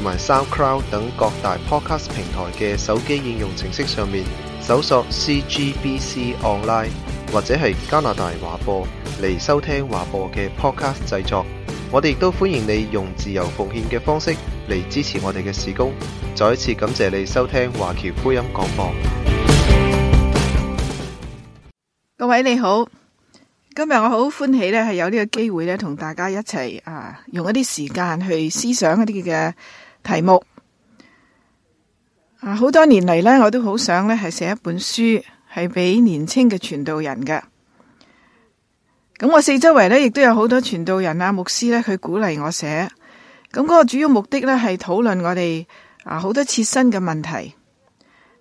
同埋 SoundCloud 等各大 Podcast 平台嘅手機應用程式上面搜索 CGBC Online 或者係加拿大華播嚟收聽華播嘅 Podcast 製作。我哋亦都歡迎你用自由奉獻嘅方式嚟支持我哋嘅事工。再一次感謝你收聽華僑福音廣播。各位你好，今日我好歡喜呢係有呢個機會呢，同大家一齊啊，用一啲時間去思想一啲嘅。題目啊，好多年嚟呢，我都好想呢，係寫一本書，係俾年青嘅傳道人嘅。咁我四周圍呢，亦都有好多傳道人啊、牧師呢，佢鼓勵我寫。咁、那、嗰個主要目的呢，係討論我哋啊好多切身嘅問題。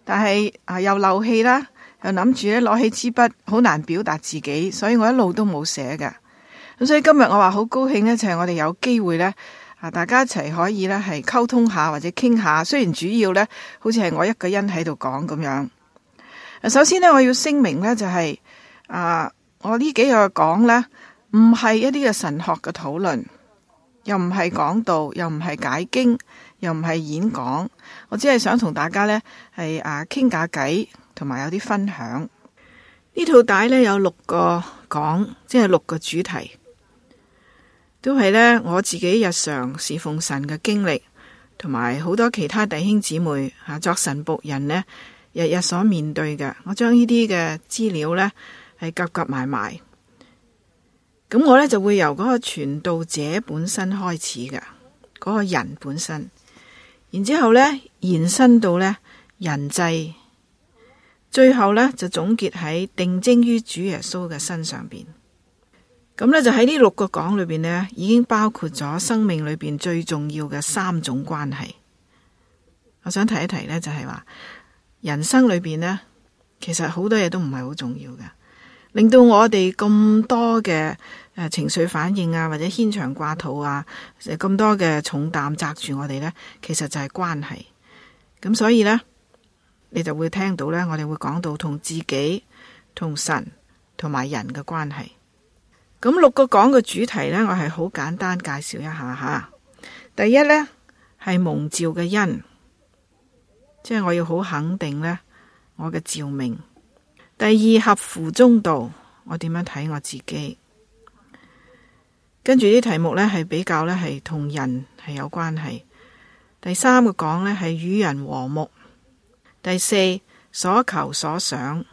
但係啊，又漏氣啦，又諗住咧攞起支筆，好難表達自己，所以我一路都冇寫嘅。咁所以今日我話好高興呢，就係、是、我哋有機會呢。啊！大家一齊可以咧，係溝通下或者傾下。雖然主要咧，好似係我一個人喺度講咁樣。首先咧，我要聲明咧，就係啊，我呢幾日講咧，唔係一啲嘅神學嘅討論，又唔係講道，又唔係解經，又唔係演講。我只係想同大家咧，係啊傾下偈，同埋有啲分享。呢套帶咧有六個講，即係六個主題。都係呢，我自己日常侍奉神嘅經歷，同埋好多其他弟兄姊妹吓作神僕人呢，日日所面對嘅，我將呢啲嘅資料呢係夾夾埋埋。咁我呢就會由嗰個傳道者本身開始嘅，嗰、嗰個人本身，然之後呢延伸到呢，人際，最後呢，就總結喺定睛於主耶穌嘅身上邊。咁呢就喺呢六個講裏邊呢，已經包括咗生命裏邊最重要嘅三種關係。我想提一提呢，就係話人生裏邊呢，其實好多嘢都唔係好重要嘅，令到我哋咁多嘅誒情緒反應啊，或者牽腸掛肚啊，咁多嘅重擔扎住我哋呢，其實就係關係。咁所以呢，你就會聽到呢，我哋會講到同自己、同神、同埋人嘅關係。咁六個講嘅主題呢，我係好簡單介紹一下吓。第一呢，係蒙召嘅恩，即係我要好肯定呢，我嘅召命。第二，合乎中道，我點樣睇我自己？跟住啲題目呢，係比較呢，係同人係有關係。第三個講呢，係與人和睦。第四，所求所想。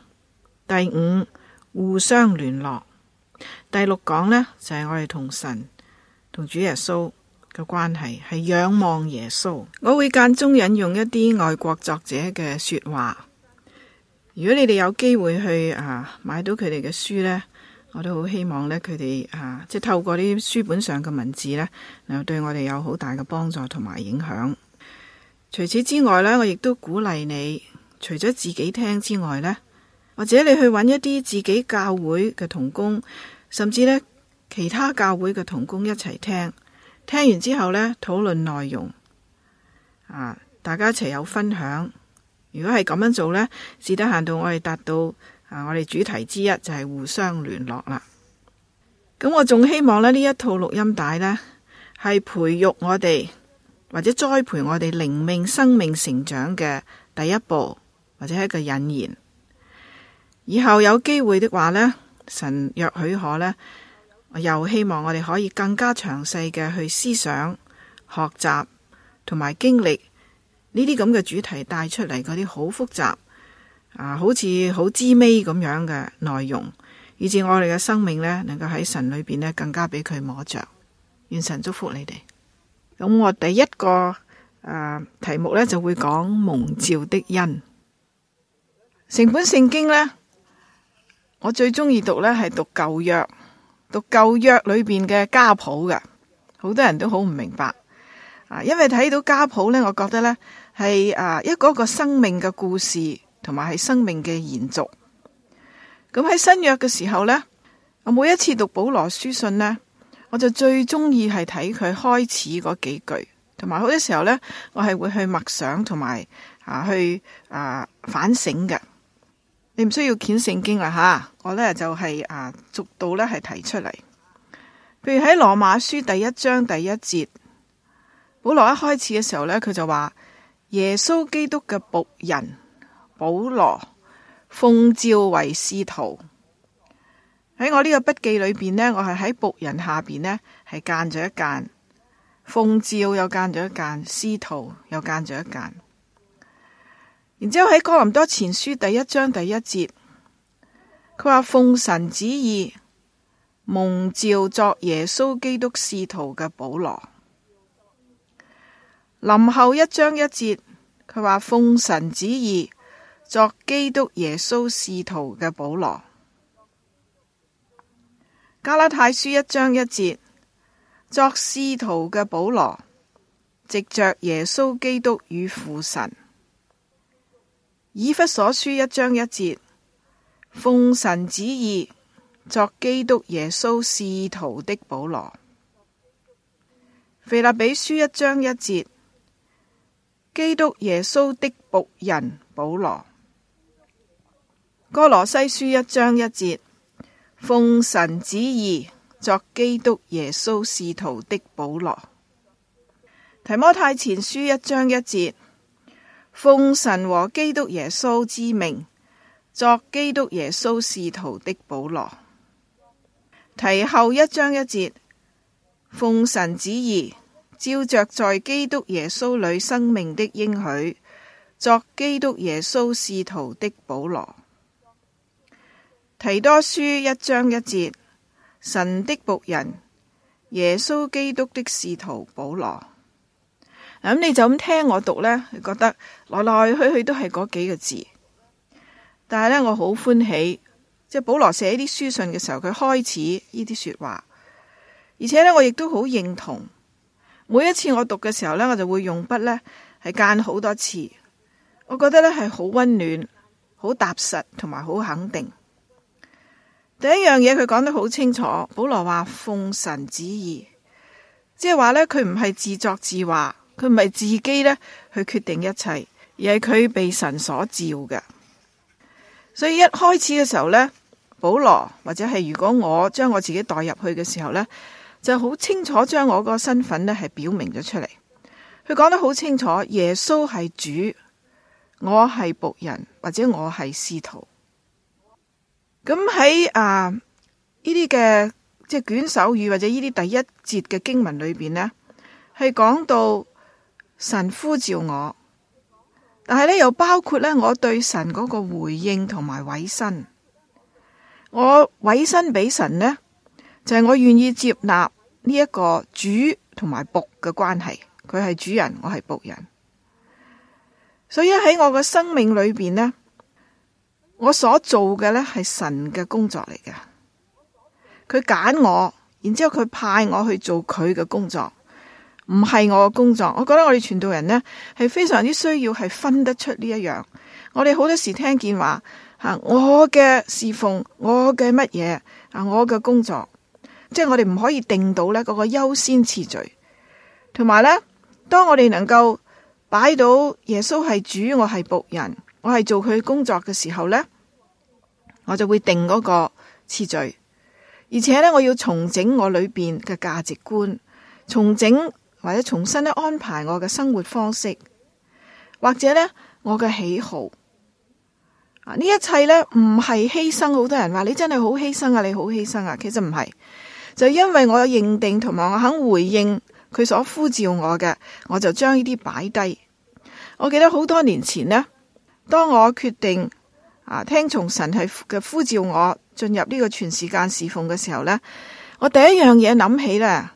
第五，互相聯絡。第六講呢，就係、是、我哋同神同主耶穌嘅關係，係仰望耶穌。我會間中引用一啲外國作者嘅說話。如果你哋有機會去啊買到佢哋嘅書呢，我都好希望呢，佢哋啊即係透過啲書本上嘅文字呢，嗱，對我哋有好大嘅幫助同埋影響。除此之外呢，我亦都鼓勵你除咗自己聽之外呢，或者你去揾一啲自己教會嘅同工。甚至呢，其他教會嘅同工一齊聽，聽完之後呢，討論內容，啊，大家一齊有分享。如果係咁樣做呢，至得限度我哋達到啊，我哋主題之一就係、是、互相聯絡啦。咁我仲希望咧呢一套錄音帶呢，係培育我哋或者栽培我哋靈命生命成長嘅第一步，或者係一個引言。以後有機會的話呢。神若許可呢，又希望我哋可以更加詳細嘅去思想、學習同埋經歷呢啲咁嘅主題帶出嚟嗰啲好複雜啊，好似好滋味咁樣嘅內容，以至我哋嘅生命呢能夠喺神裏邊呢更加俾佢摸着。願神祝福你哋。咁我第一個誒、啊、題目呢就會講蒙召的恩。成本聖經呢。我最中意讀呢係讀舊約，讀舊約裏邊嘅家譜嘅，好多人都好唔明白，因為睇到家譜呢，我覺得呢係啊一個一個生命嘅故事，同埋係生命嘅延續。咁喺新約嘅時候呢，我每一次讀保羅書信呢，我就最中意係睇佢開始嗰幾句，同埋好多時候呢，我係會去默想同埋啊去啊反省嘅。你唔需要撿聖經啦吓，我呢就係、是、啊逐度呢係提出嚟。譬如喺羅馬書第一章第一節，保羅一開始嘅時候呢，佢就話耶穌基督嘅僕人保羅奉召為使徒。喺我呢個筆記裏邊呢，我係喺僕人下邊呢係間咗一間，奉召又間咗一間，使徒又間咗一間。然之後喺哥林多前書第一章第一節，佢話奉神旨意蒙召作耶穌基督使徒嘅保羅。林後一章一節，佢話奉神旨意作基督耶穌使徒嘅保羅。加拉太書一章一節，作使徒嘅保羅，藉着耶穌基督與父神。以弗所書一章一節，奉神旨意作基督耶穌使徒的保羅；腓立比書一章一節，基督耶穌的僕人保羅；哥羅西書一章一節，奉神旨意作基督耶穌使徒的保羅；提摩太前書一章一節。奉神和基督耶穌之命，作基督耶穌使徒的保羅，提後一章一節，奉神旨意，照着在基督耶穌裏生命的應許，作基督耶穌使徒的保羅，提多書一章一節，神的僕人，耶穌基督的使徒保羅。咁你就咁聽我讀咧，覺得來來去去都係嗰幾個字。但係呢，我好歡喜，即係保羅寫啲書信嘅時候，佢開始呢啲說話。而且呢，我亦都好認同每一次我讀嘅時候呢，我就會用筆呢，係間好多次。我覺得呢係好溫暖、好踏實同埋好肯定。第一樣嘢佢講得好清楚，保羅話奉神旨意，即係話呢，佢唔係自作自話。佢唔係自己咧去決定一切，而係佢被神所召嘅。所以一開始嘅時候呢，保羅或者係如果我將我自己代入去嘅時候呢，就好清楚將我個身份咧係表明咗出嚟。佢講得好清楚，耶穌係主，我係僕人或者我係使徒。咁喺啊呢啲嘅即係卷首語或者呢啲第一節嘅經文裏邊呢，係講到。神呼召我，但係咧又包括咧我對神嗰個回應同埋委身。我委身俾神咧，就係、是、我願意接納呢一個主同埋僕嘅關係。佢係主人，我係僕人。所以喺我嘅生命裏邊咧，我所做嘅咧係神嘅工作嚟嘅。佢揀我，然之後佢派我去做佢嘅工作。唔係我嘅工作，我覺得我哋傳道人呢係非常之需要係分得出呢一樣。我哋好多時聽見話吓，我嘅侍奉，我嘅乜嘢啊，我嘅工作，即係我哋唔可以定到呢嗰個優先次序。同埋呢，當我哋能夠擺到耶穌係主，我係僕人，我係做佢工作嘅時候呢，我就會定嗰個次序。而且呢，我要重整我裏邊嘅價值觀，重整。或者重新咧安排我嘅生活方式，或者呢，我嘅喜好，啊呢一切呢，唔係犧牲，好多人話你真係好犧牲啊，你好犧牲啊，其實唔係，就因為我有認定同埋我肯回應佢所呼召我嘅，我就將呢啲擺低。我記得好多年前呢，當我決定啊聽從神係嘅呼召我，我進入呢個全時間侍奉嘅時候呢，我第一樣嘢諗起呢。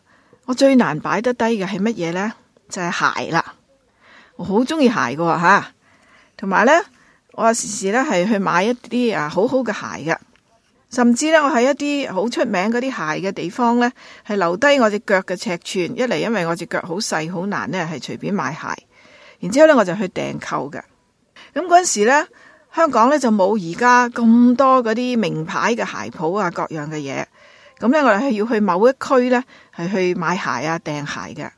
我最難擺得低嘅係乜嘢呢？就係鞋啦，我好中意鞋嘅吓，同埋呢，我有時時咧係去買一啲啊好好嘅鞋嘅，甚至呢，我喺一啲好出名嗰啲鞋嘅地方呢，係留低我隻腳嘅尺寸，一嚟因為我隻腳好細，好難呢係隨便買鞋，然之後咧我就去訂購嘅。咁嗰陣時咧，香港呢就冇而家咁多嗰啲名牌嘅鞋鋪啊，各樣嘅嘢。咁咧，我哋係要去某一區咧，係去買鞋啊，訂鞋嘅。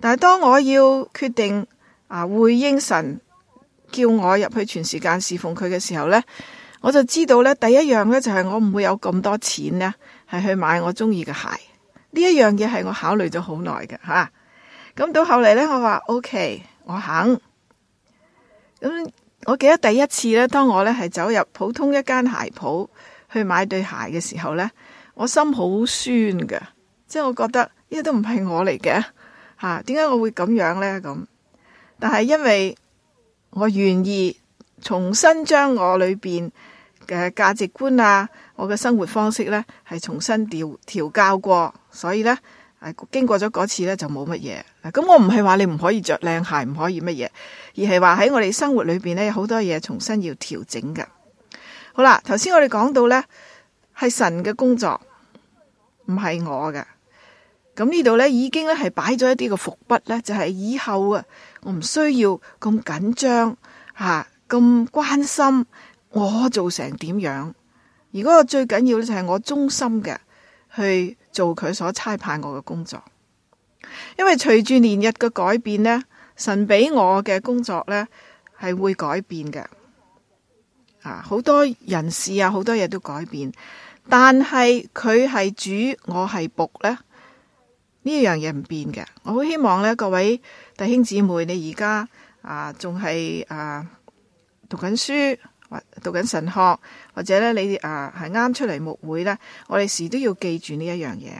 但係當我要決定啊，回應神叫我入去全時間侍奉佢嘅時候咧，我就知道咧，第一樣咧就係、是、我唔會有咁多錢咧，係去買我中意嘅鞋。呢一樣嘢係我考慮咗好耐嘅，吓、啊。咁到後嚟咧，我話 OK，我肯。咁我記得第一次咧，當我咧係走入普通一間鞋鋪去買對鞋嘅時候咧。我心好酸嘅，即係我覺得呢都唔係我嚟嘅，吓，點解我會咁樣呢？咁但係因為我願意重新將我裏邊嘅價值觀啊，我嘅生活方式呢，係重新調調教過，所以呢，係經過咗嗰次呢，就冇乜嘢。咁我唔係話你唔可以着靚鞋，唔可以乜嘢，而係話喺我哋生活裏邊咧有好多嘢重新要調整噶。好啦，頭先我哋講到呢，係神嘅工作。唔係我嘅，咁呢度呢，已經咧係擺咗一啲個伏筆呢就係、是、以後啊，我唔需要咁緊張啊，咁關心我做成點樣。如果我最緊要咧就係我忠心嘅去做佢所差派我嘅工作，因為隨住年日嘅改變呢，神俾我嘅工作呢係會改變嘅啊，好多人事啊，好多嘢都改變。但係佢係主，我係僕呢。呢樣嘢唔變嘅。我好希望咧，各位弟兄姊妹，你而家啊仲係啊讀緊書或讀緊神學，或者咧你啊係啱出嚟牧會呢，我哋時都要記住呢一樣嘢。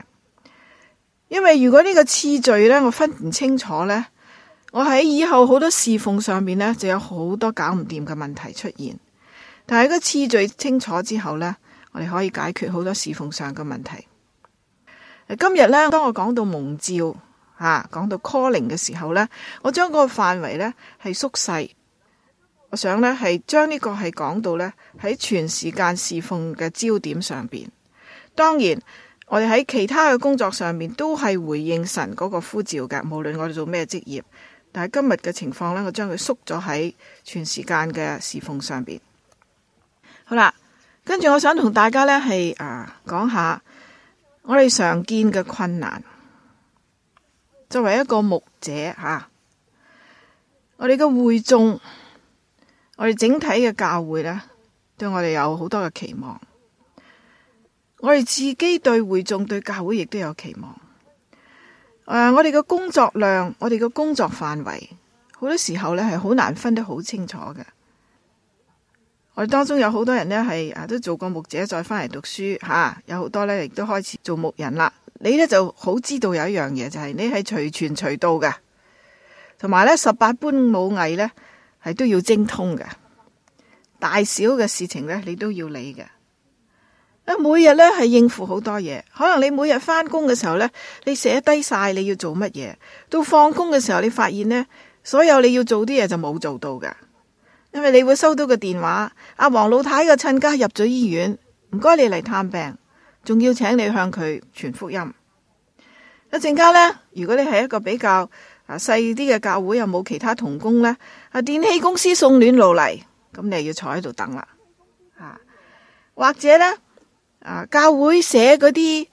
因為如果呢個次序呢，我分唔清楚呢，我喺以後好多侍奉上面呢，就有好多搞唔掂嘅問題出現。但係個次序清楚之後呢？我哋可以解決好多侍奉上嘅問題。今日呢，當我講到蒙召，吓、啊，講到 calling 嘅時候呢，我將嗰個範圍呢係縮細。我想呢係將呢個係講到呢喺全時間侍奉嘅焦點上邊。當然，我哋喺其他嘅工作上面都係回應神嗰個呼召㗎，無論我哋做咩職業。但係今日嘅情況呢，我將佢縮咗喺全時間嘅侍奉上邊。好啦。跟住，我想同大家呢，係啊講下我哋常見嘅困難。作為一個牧者吓、啊，我哋嘅會眾，我哋整體嘅教會呢，對我哋有好多嘅期望。我哋自己對會眾、對教會亦都有期望。啊、我哋嘅工作量，我哋嘅工作範圍，好多時候呢，係好難分得好清楚嘅。我哋當中有好多人呢，係啊都做過牧者，再翻嚟讀書吓、啊，有好多呢，亦都開始做牧人啦。你呢，就好知道有一樣嘢，就係、是、你係隨傳隨到㗎，同埋呢，十八般武藝呢，係都要精通嘅，大小嘅事情呢，你都要理嘅。每日呢，係應付好多嘢，可能你每日翻工嘅時候呢，你寫低晒你要做乜嘢，到放工嘅時候，你發現呢，所有你要做啲嘢就冇做到㗎。因為你會收到個電話，阿、啊、黃老太個親家入咗醫院，唔該你嚟探病，仲要請你向佢傳福音。一陣間呢，如果你係一個比較啊細啲嘅教會，又冇其他同工呢，啊電器公司送暖爐嚟，咁你就要坐喺度等啦、啊。或者呢，啊、教會寫嗰啲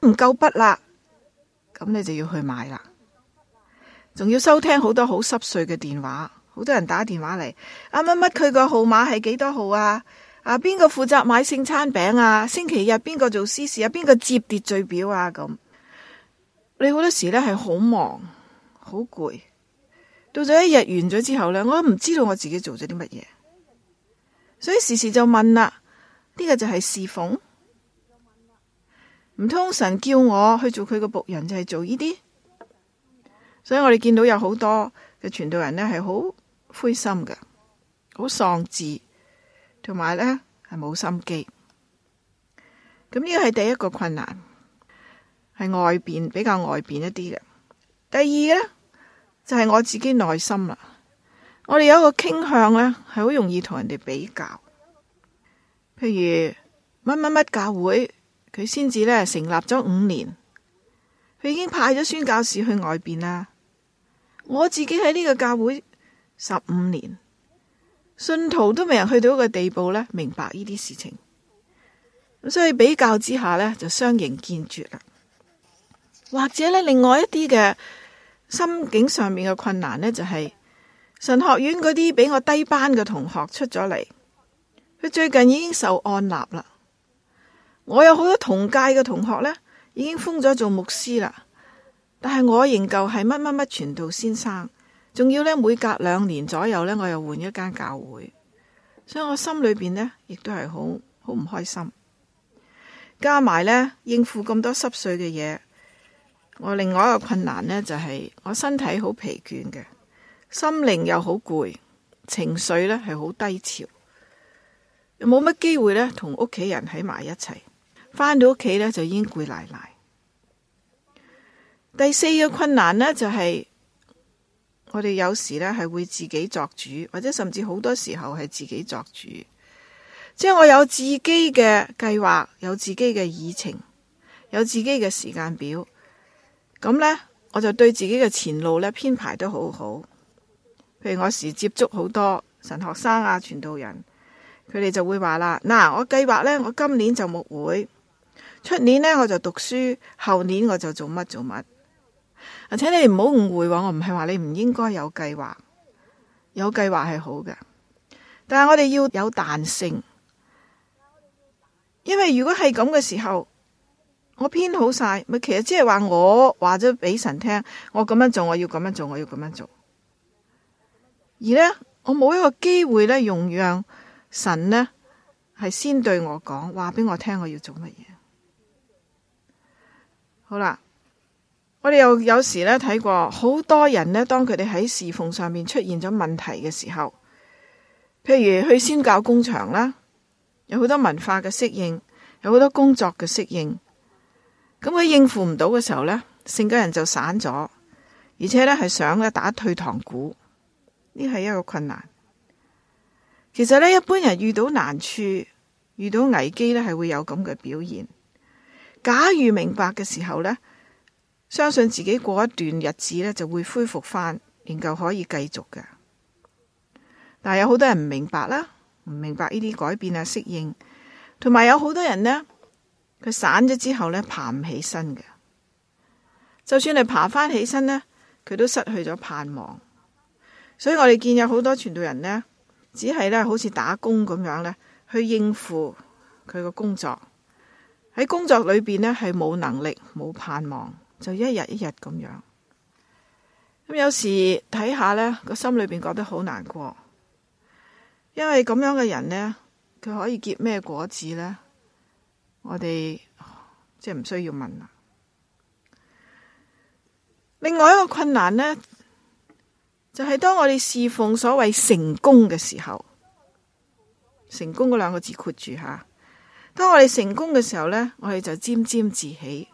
唔夠筆啦，咁你就要去買啦。仲要收聽好多好濕碎嘅電話。好多人打電話嚟，阿乜乜佢個號碼係幾多號啊？啊，邊個負責買聖餐餅啊？星期日邊個做司事啊？邊個接秩序表啊？咁你好多時咧係好忙，好攰。到咗一日完咗之後咧，我都唔知道我自己做咗啲乜嘢，所以時時就問啦。呢個就係侍奉，唔通神叫我去做佢個僕人就係做呢啲？所以我哋見到有好多。嘅傳道人呢係好灰心嘅，好喪志，同埋呢係冇心機。咁呢個係第一個困難，係外邊比較外邊一啲嘅。第二呢，就係我自己內心啦。我哋有一個傾向呢，係好容易同人哋比較。譬如，乜乜乜教會，佢先至呢成立咗五年，佢已經派咗宣教士去外邊啦。我自己喺呢個教會十五年，信徒都未人去到一個地步呢，明白呢啲事情，所以比較之下呢，就相形見絀啦。或者呢，另外一啲嘅心境上面嘅困難呢，就係、是、神學院嗰啲比我低班嘅同學出咗嚟，佢最近已經受按立啦。我有好多同屆嘅同學呢，已經封咗做牧師啦。但係我仍舊係乜乜乜傳道先生，仲要呢每隔兩年左右呢，我又換一間教會，所以我心裏邊呢，亦都係好好唔開心。加埋呢，應付咁多濕碎嘅嘢，我另外一個困難呢，就係、是、我身體好疲倦嘅，心靈又好攰，情緒呢係好低潮，又冇乜機會呢，同屋企人喺埋一齊，返到屋企呢，就已經攰賴賴。第四個困難呢，就係、是、我哋有時呢係會自己作主，或者甚至好多時候係自己作主，即係我有自己嘅計劃，有自己嘅議程，有自己嘅時間表，咁呢，我就對自己嘅前路呢編排得好好。譬如我時接觸好多神學生啊、傳道人，佢哋就會話啦：「嗱，我計劃呢，我今年就牧會，出年呢，我就讀書，後年我就做乜做乜。請你唔好誤會，我唔係話你唔應該有計劃，有計劃係好嘅，但係我哋要有彈性，因為如果係咁嘅時候，我編好晒，咪其實即係話我話咗俾神聽，我咁樣做，我要咁樣做，我要咁樣、樣做，而呢，我冇一個機會呢，容讓神呢係先對我講話俾我聽，我要做乜嘢？好啦。我哋又有，有時咧睇過，好多人咧，當佢哋喺侍奉上面出現咗問題嘅時候，譬如去宣教工場啦，有好多文化嘅適應，有好多工作嘅適應，咁佢應付唔到嘅時候呢，成個人就散咗，而且咧係想呢打退堂鼓，呢係一個困難。其實呢，一般人遇到難處、遇到危機呢，係會有咁嘅表現。假如明白嘅時候呢。相信自己過一段日子咧，就會恢復翻，仍舊可以繼續嘅。但係有好多人唔明白啦，唔明白呢啲改變啊，適應同埋有好多人呢，佢散咗之後呢，爬唔起身嘅。就算你爬翻起身呢，佢都失去咗盼望。所以我哋見有好多傳道人呢，只係呢好似打工咁樣呢，去應付佢個工作。喺工作裏邊呢，係冇能力，冇盼望。就一日一日咁樣，咁、嗯、有時睇下呢個心裏面覺得好難過，因為咁樣嘅人呢，佢可以結咩果子呢？我哋即係唔需要問啦。另外一個困難呢，就係、是、當我哋侍奉所謂成功嘅時候，成功嗰兩個字括住吓。當我哋成功嘅時候呢，我哋就沾沾自喜。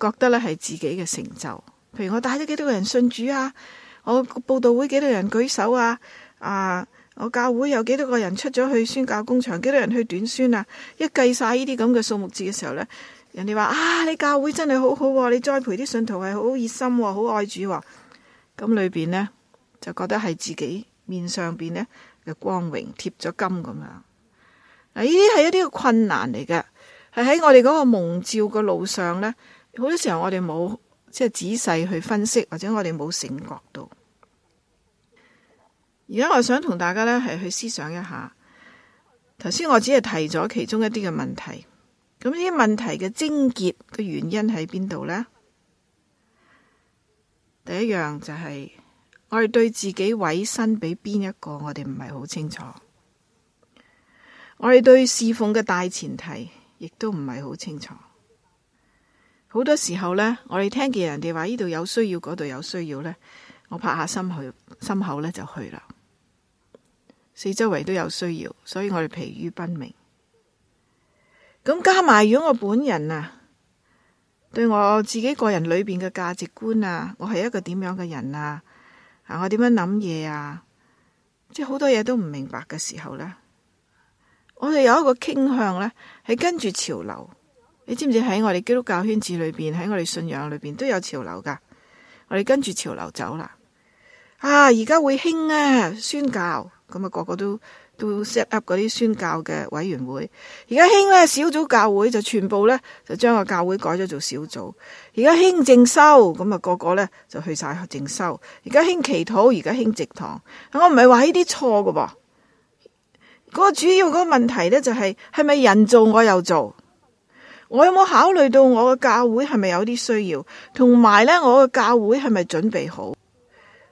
覺得咧係自己嘅成就，譬如我帶咗幾多個人信主啊，我個佈道會幾多人舉手啊，啊，我教會有幾多個人出咗去宣教工場，幾多人去短宣啊？一計晒呢啲咁嘅數目字嘅時候咧，人哋話啊，你教會真係好好，啊，你栽培啲信徒係好熱心，啊，好愛主，啊。咁裏邊呢，就覺得係自己面上邊呢，嘅光榮貼咗金咁樣。啊，呢啲係一啲困難嚟嘅，係喺我哋嗰個蒙召嘅路上咧。好多時候我哋冇，即係仔細去分析，或者我哋冇醒覺到。而家我想同大家呢係去思想一下。頭先我只係提咗其中一啲嘅問題，咁呢啲問題嘅症結嘅原因喺邊度呢？第一樣就係、是、我哋對自己委身俾邊一個，我哋唔係好清楚。我哋對侍奉嘅大前提亦都唔係好清楚。好多時候呢，我哋聽見人哋話呢度有需要，嗰度有需要呢，我拍下心去心口呢就去啦。四周圍都有需要，所以我哋疲於奔命。咁加埋如果我本人啊，對我自己個人裏邊嘅價值觀啊，我係一個點樣嘅人啊？我點樣諗嘢啊？即係好多嘢都唔明白嘅時候呢，我哋有一個傾向呢，係跟住潮流。你知唔知喺我哋基督教圈子裏邊，喺我哋信仰裏邊都有潮流噶，我哋跟住潮流走啦。啊，而家會興啊宣教，咁啊個個都都 set up 嗰啲宣教嘅委員會。而家興咧小組教會就全部咧就將個教會改咗做小組。而家興靜修，咁啊個個咧就去晒靜修。而家興祈禱，而家興植堂。我唔係話呢啲錯噶，噃、噉。個主要個問題咧就係係咪人做我又做？我有冇考慮到我嘅教會係咪有啲需要？同埋呢，我嘅教會係咪準備好？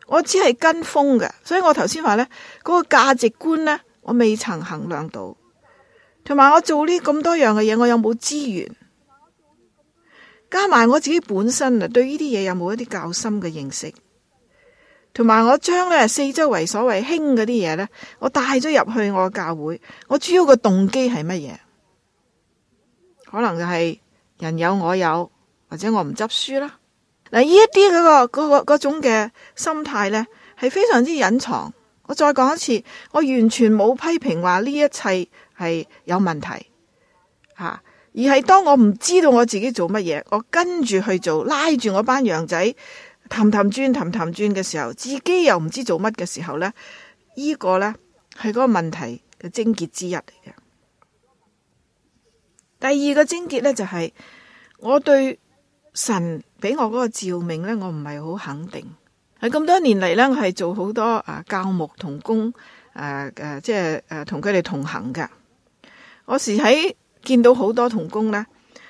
我只係跟風嘅，所以我頭先話呢，嗰個價值觀呢，我未曾衡量到。同埋我做呢咁多樣嘅嘢，我有冇資源？加埋我自己本身啊，對呢啲嘢有冇一啲較深嘅認識？同埋我將呢四周圍所謂興嗰啲嘢呢，我帶咗入去我嘅教會。我主要嘅動機係乜嘢？可能就係人有我有，或者我唔執輸啦。嗱、嗰個，呢一啲嗰個嗰種嘅心態呢，係非常之隱藏。我再講一次，我完全冇批評話呢一切係有問題吓、啊，而係當我唔知道我自己做乜嘢，我跟住去做，拉住我班羊仔氹氹轉、氹氹轉嘅時候，自己又唔知做乜嘅時候呢，呢、這個呢，係嗰個問題嘅症結之一嚟嘅。第二個症結呢，就是，就係我對神俾我嗰個召命呢，我唔係好肯定。喺咁多年嚟呢，我係做好多啊教牧同工，誒、呃呃、即係同佢哋同行嘅。我時喺見到好多同工呢，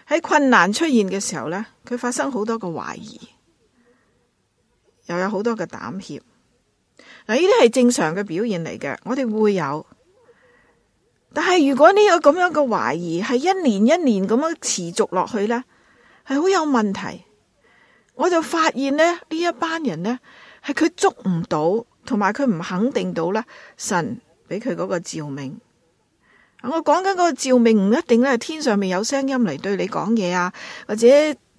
喺困難出現嘅時候呢，佢發生好多個懷疑，又有好多嘅膽怯。嗱，呢啲係正常嘅表現嚟嘅，我哋會有。但係如果呢個咁樣嘅懷疑係一年一年咁樣持續落去呢，係好有問題。我就發現呢，呢一班人呢，係佢捉唔到，同埋佢唔肯定到呢，神俾佢嗰個照明，我講緊個照明唔一定咧，天上面有聲音嚟對你講嘢啊，或者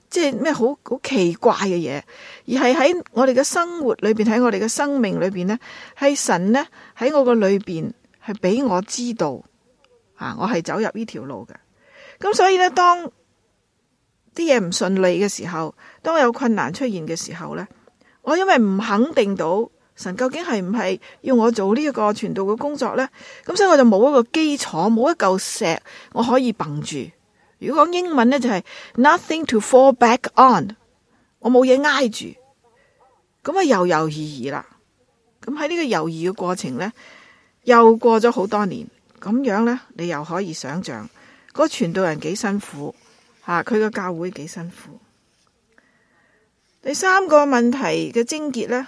即係咩好好奇怪嘅嘢，而係喺我哋嘅生活裏邊，喺我哋嘅生命裏邊呢，係神呢，喺我個裏邊係俾我知道。啊！我係走入呢條路嘅，咁所以咧，當啲嘢唔順利嘅時候，當有困難出現嘅時候咧，我因為唔肯定到神究竟係唔係要我做呢個傳道嘅工作咧，咁所以我就冇一個基礎，冇一嚿石我可以揼住。如果講英文咧，就係 nothing to fall back on，我冇嘢挨住，咁啊，猶猶疑疑啦。咁喺呢個猶豫嘅過程咧，又過咗好多年。咁樣呢，你又可以想象嗰傳道人幾辛苦，吓，佢個教會幾辛苦。第三個問題嘅癥結呢，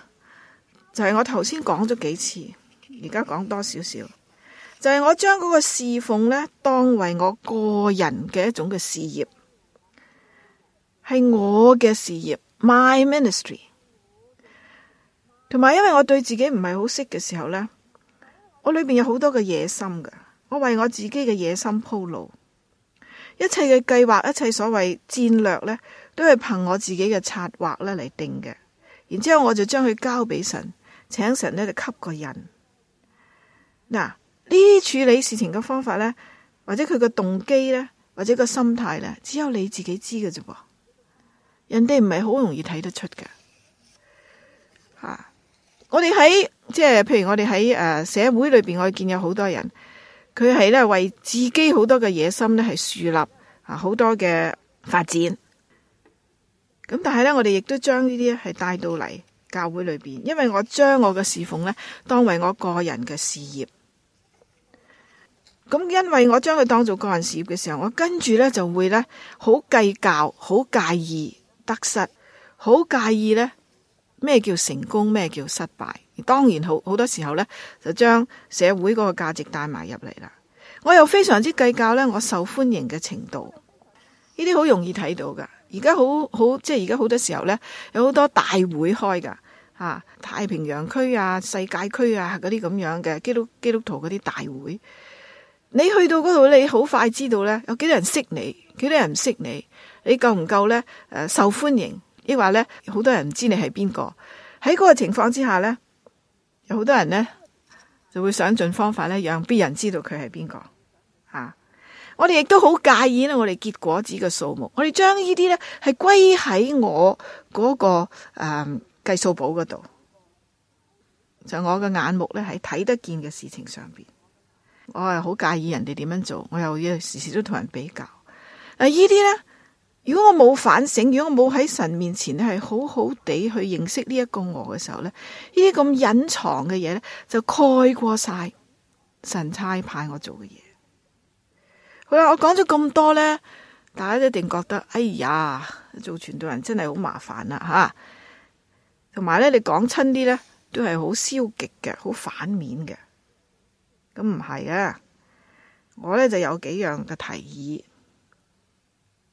就係我頭先講咗幾次，而家講多少少，就係我將嗰個侍奉呢，當為我個人嘅一種嘅事業，係我嘅事業，my ministry。同埋，因為我對自己唔係好識嘅時候呢，我裏面有好多嘅野心噶。我為我自己嘅野心鋪路，一切嘅計劃，一切所謂戰略呢，都係憑我自己嘅策劃呢嚟定嘅。然之後我就將佢交俾神，請神呢就給個人。嗱，呢啲處理事情嘅方法呢，或者佢嘅動機呢，或者個心態呢，只有你自己知嘅啫噃，人哋唔係好容易睇得出嘅。吓、啊，我哋喺即係，譬如我哋喺誒社會裏邊，我見有好多人。佢係咧為自己好多嘅野心咧係樹立啊，好多嘅發展。咁 但係咧，我哋亦都將呢啲咧係帶到嚟教會裏邊，因為我將我嘅侍奉咧當為我個人嘅事業。咁因為我將佢當做個人事業嘅時候，我跟住咧就會咧好計較、好介意得失、好介意咧咩叫成功、咩叫失敗。而當然好好多時候咧，就將社會嗰個價值帶埋入嚟啦。我又非常之計較咧，我受歡迎嘅程度，呢啲好容易睇到噶。而家好好即係而家好多時候咧，有好多大會開噶嚇，啊，太平洋區啊、世界區啊嗰啲咁樣嘅基督基督徒嗰啲大會，你去到嗰度，你好快知道咧有幾多人識你，幾多人唔識你，你夠唔夠咧？誒、呃、受歡迎，亦話咧好多人唔知你係邊個，喺嗰個情況之下咧。有好多人呢，就會想盡方法咧，讓別人知道佢係邊個啊！我哋亦都好介意呢，我哋結果子嘅數目，我哋將呢啲呢，係歸喺我嗰，那個誒、嗯、計數簿嗰度，就是，我嘅眼目呢，喺睇得見嘅事情上邊，我係好介意人哋點樣做，我又要時時都同人比較，誒呢啲呢。如果我冇反省，如果我冇喺神面前咧係好好地去認識呢一個我嘅時候咧，呢啲咁隱藏嘅嘢呢，就蓋過晒神差派我做嘅嘢。好啦，我講咗咁多呢，大家一定覺得，哎呀，做傳道人真係好麻煩啦吓。啊，同埋呢，你講親啲呢，都係好消極嘅，好反面嘅。咁唔係嘅，我呢就有幾樣嘅提議。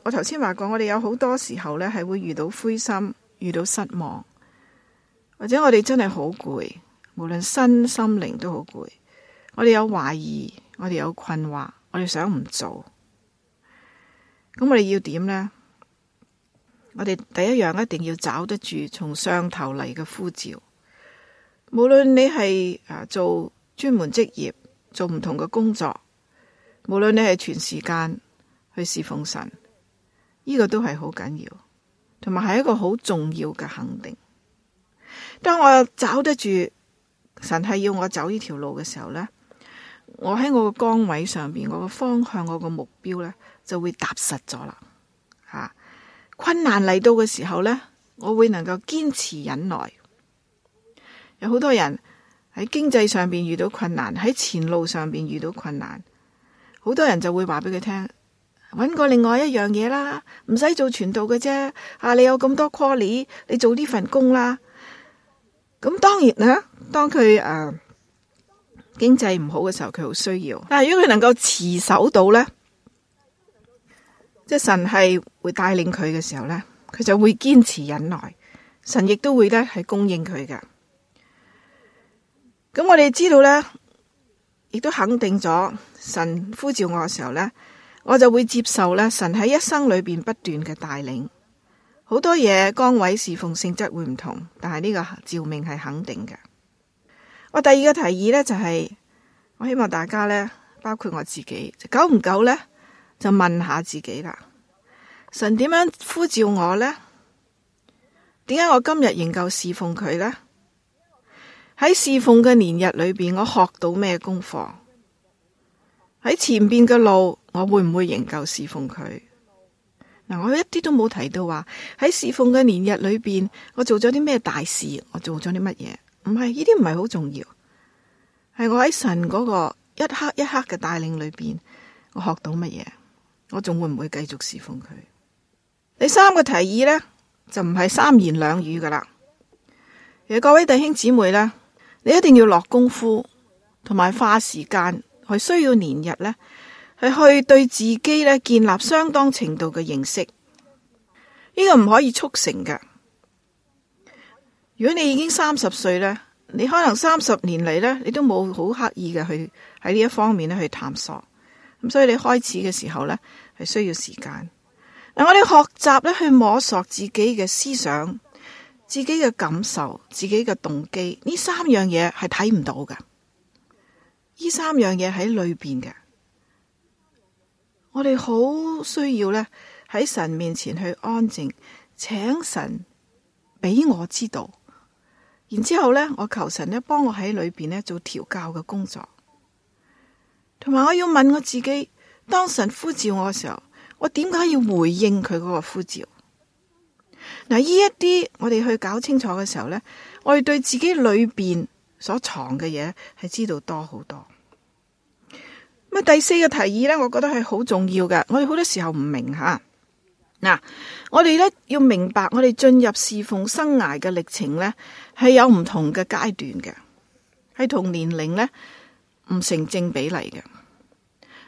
我頭先話過，我哋有好多時候呢，係會遇到灰心，遇到失望，或者我哋真係好攰，無論身心靈都好攰。我哋有懷疑，我哋有困惑，我哋想唔做，咁我哋要點呢？我哋第一樣一定要抓得住從上頭嚟嘅呼召，無論你係做專門職業，做唔同嘅工作，無論你係全時間去侍奉神。呢個都係好緊要，同埋係一個好重要嘅肯定。當我找得住，神係要我走呢條路嘅時候呢，我喺我個崗位上邊，我個方向，我個目標呢，就會踏實咗啦。吓、啊、困難嚟到嘅時候呢，我會能夠堅持忍耐。有好多人喺經濟上邊遇到困難，喺前路上邊遇到困難，好多人就會話俾佢聽。搵個另外一樣嘢啦，唔使做傳道嘅啫。啊，你有咁多 call 你，你做呢份工啦。咁當然啦，當佢誒、啊、經濟唔好嘅時候，佢好需要。但係如果佢能夠持守到咧，即係神係會帶領佢嘅時候咧，佢就會堅持忍耐。神亦都會咧係供應佢嘅。咁我哋知道咧，亦都肯定咗神呼召我嘅時候咧。我就會接受咧，神喺一生裏邊不斷嘅帶領，好多嘢崗位侍奉性質會唔同，但係呢個召命係肯定嘅。我第二個提議呢，就係、是，我希望大家呢，包括我自己，久唔久呢？就問下自己啦。神點樣呼召我呢？點解我今日仍夠侍奉佢呢？喺侍奉嘅年日裏邊，我學到咩功課？喺前邊嘅路，我會唔會仍舊侍奉佢？嗱，我一啲都冇提到話喺侍奉嘅年日裏邊，我做咗啲咩大事？我做咗啲乜嘢？唔係，呢啲唔係好重要，係我喺神嗰個一刻一刻嘅帶領裏邊，我學到乜嘢？我仲會唔會繼續侍奉佢？第三個提議呢，就唔係三言兩語㗎喇。而各位弟兄姊妹呢，你一定要落功夫，同埋花時間，係需要年日呢。係去對自己咧建立相當程度嘅認識，呢個唔可以速成㗎。如果你已經三十歲呢，你可能三十年嚟呢，你都冇好刻意嘅去喺呢一方面去探索。咁所以你開始嘅時候呢，係需要時間。嗱，我哋學習咧去摸索自己嘅思想、自己嘅感受、自己嘅動機，呢三樣嘢係睇唔到嘅。呢三樣嘢喺裏邊嘅。我哋好需要呢，喺神面前去安靜，請神俾我知道，然之後呢，我求神呢，幫我喺裏邊呢做調教嘅工作，同埋我要問我自己，當神呼召我嘅時候，我點解要回應佢嗰個呼召？嗱，呢一啲我哋去搞清楚嘅時候呢，我哋對自己裏邊所藏嘅嘢係知道多好多。咁第四個提議咧，我覺得係好重要㗎。我哋好多時候唔明吓，嗱、啊，我哋咧，要明白，我哋進入侍奉生涯嘅歷程咧，係有唔同嘅階段嘅，係同年齡咧唔成正比例嘅，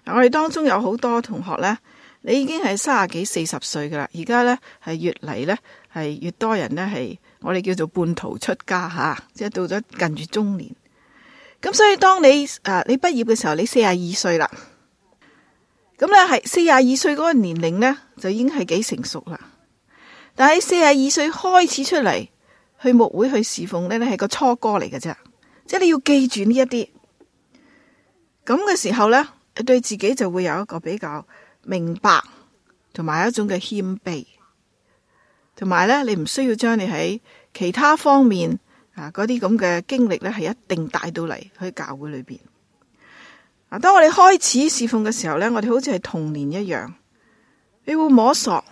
啊。我哋當中有好多同學咧，你已經係卅幾四十歲㗎喇，而家咧，係越嚟，咧，係越多人咧，係我哋叫做半途出家吓，啊，即係到咗近住中年。咁所以當你誒你畢業嘅時候，你四十二歲啦。咁咧係四十二歲嗰個年齡咧，就已經係幾成熟啦。但係四十二歲開始出嚟，去牧會去侍奉咧，你係個初哥嚟嘅啫。即係你要記住呢一啲。咁嘅時候咧，你對自己就會有一個比較明白，同埋一種嘅謙卑，同埋咧你唔需要將你喺其他方面。啊！嗰啲咁嘅經歷呢，係一定帶到嚟去教會裏邊。啊！當我哋開始侍奉嘅時候呢，我哋好似係童年一樣，你會摸索，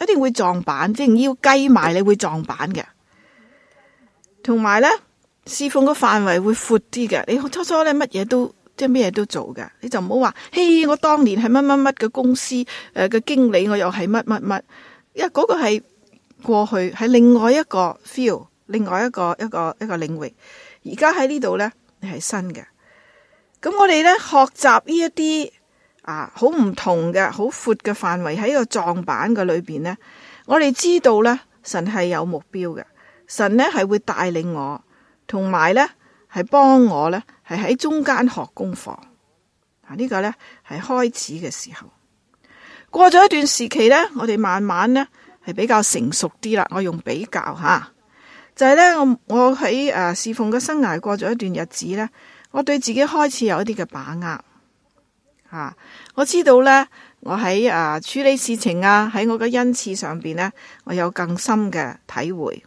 一定會撞板，即係要雞埋你會撞板嘅。同埋呢，侍奉個範圍會闊啲嘅。你初初呢，乜嘢都即係乜嘢都做嘅，你就唔好話，嘿、hey，我當年係乜乜乜嘅公司嘅、呃、經理，我又係乜乜乜，因為嗰個係過去，係另外一個 feel。另外一個一個一個領域，而家喺呢度呢係新嘅。咁我哋呢，學習呢一啲啊，好唔同嘅、好闊嘅範圍喺個撞板嘅裏邊呢，我哋知道呢，神係有目標嘅，神呢係會帶領我，同埋呢係幫我呢，係喺中間學功課啊。呢個呢，係開始嘅時候，過咗一段時期呢，我哋慢慢呢，係比較成熟啲啦。我用比較吓。就係呢，我喺誒侍奉嘅生涯過咗一段日子呢，我對自己開始有一啲嘅把握吓、啊，我知道呢，我喺誒、啊、處理事情啊，喺我嘅恩賜上邊呢，我有更深嘅體會，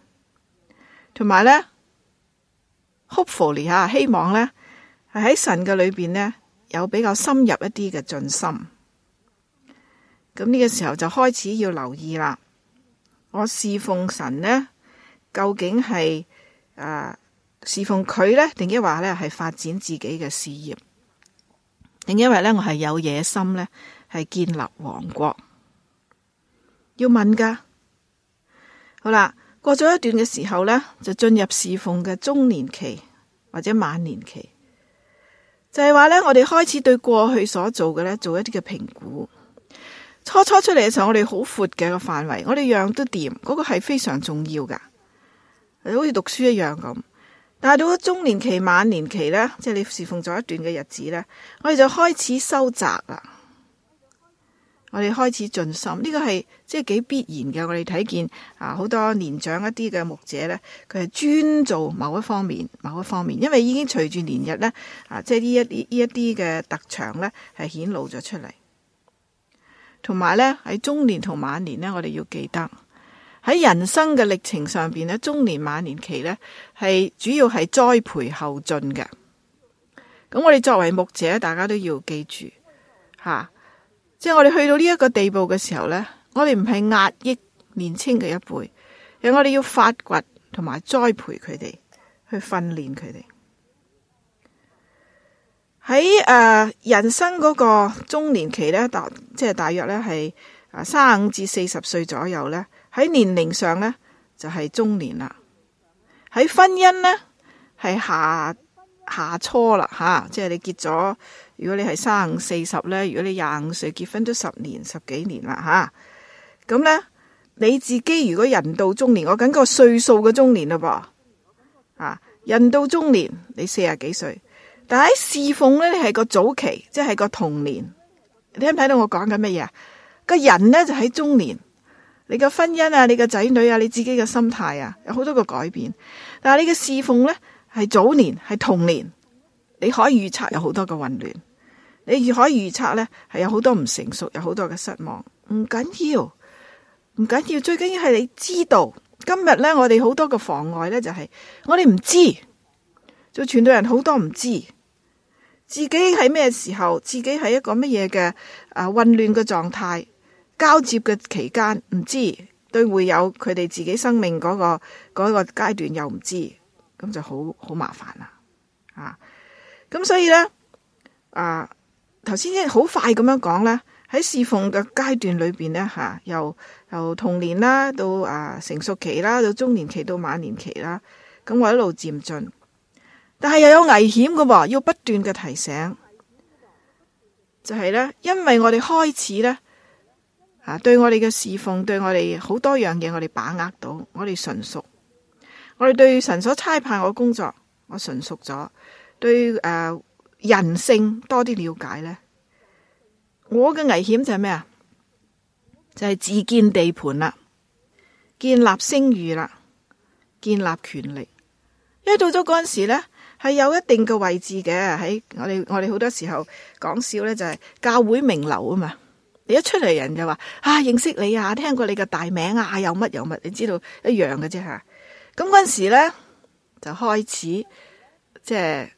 同埋呢 hopefully 吓、啊，希望呢係喺神嘅裏邊呢，有比較深入一啲嘅進心。咁呢個時候就開始要留意啦，我侍奉神呢。究竟係啊、呃、侍奉佢呢？定抑或呢係發展自己嘅事業？定因為呢？我係有野心呢，係建立王國要問噶好啦。過咗一段嘅時候呢，就進入侍奉嘅中年期或者晚年期，就係、是、話呢，我哋開始對過去所做嘅呢做一啲嘅評估。初初出嚟嘅時候，我哋好闊嘅個範圍，我哋樣都掂，嗰、那個係非常重要噶。好似讀書一樣咁，但係到咗中年期、晚年期呢，即係你侍奉咗一段嘅日子呢，我哋就開始收窄啦。我哋開始盡心，呢個係即係幾必然嘅。我哋睇見啊，好多年長一啲嘅牧者呢，佢係專做某一方面、某一方面，因為已經隨住年日呢，啊，即係呢一啲呢一啲嘅特長呢，係顯露咗出嚟。同埋呢，喺中年同晚年呢，我哋要記得。喺人生嘅歷程上邊咧，中年、晚年期咧係主要係栽培後進嘅。咁我哋作為牧者，大家都要記住吓，即、啊、係、就是、我哋去到呢一個地步嘅時候呢，我哋唔係壓抑年青嘅一輩，我哋要發掘同埋栽培佢哋，去訓練佢哋。喺誒、呃、人生嗰個中年期呢，大即係大約呢係三十五至四十歲左右呢。喺年齡上咧，就係、是、中年啦。喺婚姻咧，係下下初啦吓、啊，即係你結咗。如果你係三四十咧，如果你廿五歲結婚咗十年十幾年啦吓。咁、啊、咧，你自己如果人到中年，我講緊個歲數嘅中年咯噃。啊，人到中年，你四十幾歲，但係侍奉咧，你係個早期，即係個童年。你睇唔睇到我講緊乜嘢啊？個人咧就喺、是、中年。你個婚姻啊，你個仔女啊，你自己嘅心態啊，有好多嘅改變。但係你嘅侍奉呢，係早年，係童年，你可以預測有好多嘅混亂，你預可以預測咧，係有好多唔成熟，有好多嘅失望。唔緊要，唔緊要，最緊要係你知道今日呢，我哋好多嘅妨礙呢、就是，就係我哋唔知，做傳道人好多唔知，自己喺咩時候，自己係一個乜嘢嘅混亂嘅狀態。交接嘅期間唔知，都會有佢哋自己生命嗰個嗰個階段又，又唔知咁就好好麻煩啦啊！咁所以咧啊，頭先好快咁樣講啦。喺侍奉嘅階段裏邊呢，吓由由童年啦，到啊成熟期啦，到中年期，到晚年期啦，咁我一路漸進，但係又有危險噶嘛，要不斷嘅提醒，就係呢，因為我哋開始呢。啊！對我哋嘅侍奉，對我哋好多樣嘢，我哋把握到，我哋純熟，我哋對神所差派我工作，我純熟咗。對、呃、人性多啲了解呢，我嘅危險就係咩啊？就係、是、自建地盤啦，建立聲譽啦，建立權力。因為到咗嗰陣時呢，係有一定嘅位置嘅。喺我哋，我哋好多時候講笑呢，就係、是、教會名流啊嘛。你一出嚟，人就話啊，認識你啊，聽過你嘅大名啊，有乜有乜，你知道一樣嘅啫吓。咁嗰陣時咧，就開始即係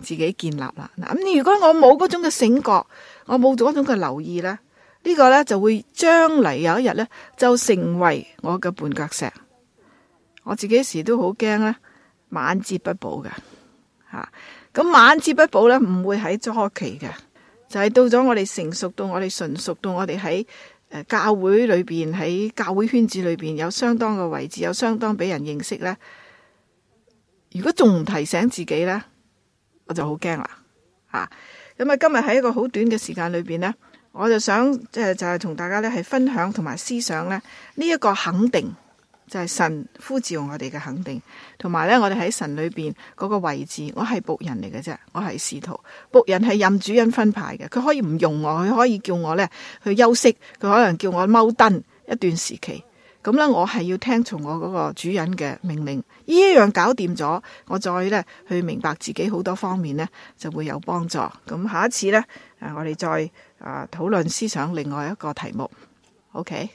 自己建立啦。咁你如果我冇嗰種嘅醒覺，我冇嗰種嘅留意咧，這個，呢個咧就會將嚟有一日咧就成為我嘅絆腳石。我自己時都好驚咧，晚節不保嘅吓。咁晚節不保咧，唔會喺初期嘅。就係到咗我哋成熟，到我哋純熟，到我哋喺誒教會裏邊，喺教會圈子裏邊有相當嘅位置，有相當俾人認識咧。如果仲唔提醒自己咧，我就好驚啦吓。咁啊，今日喺一個好短嘅時間裏邊咧，我就想誒，就係同大家咧係分享同埋思想咧呢一個肯定。就係神呼召我哋嘅肯定，同埋咧，我哋喺神裏邊嗰個位置，我係僕人嚟嘅啫，我係使徒僕人係任主人分派嘅，佢可以唔用我，佢可以叫我咧去休息，佢可能叫我踎蹲一段時期，咁咧我係要聽從我嗰個主人嘅命令，呢樣搞掂咗，我再咧去明白自己好多方面咧就會有幫助。咁下一次咧，啊我哋再啊討論思想另外一個題目，OK。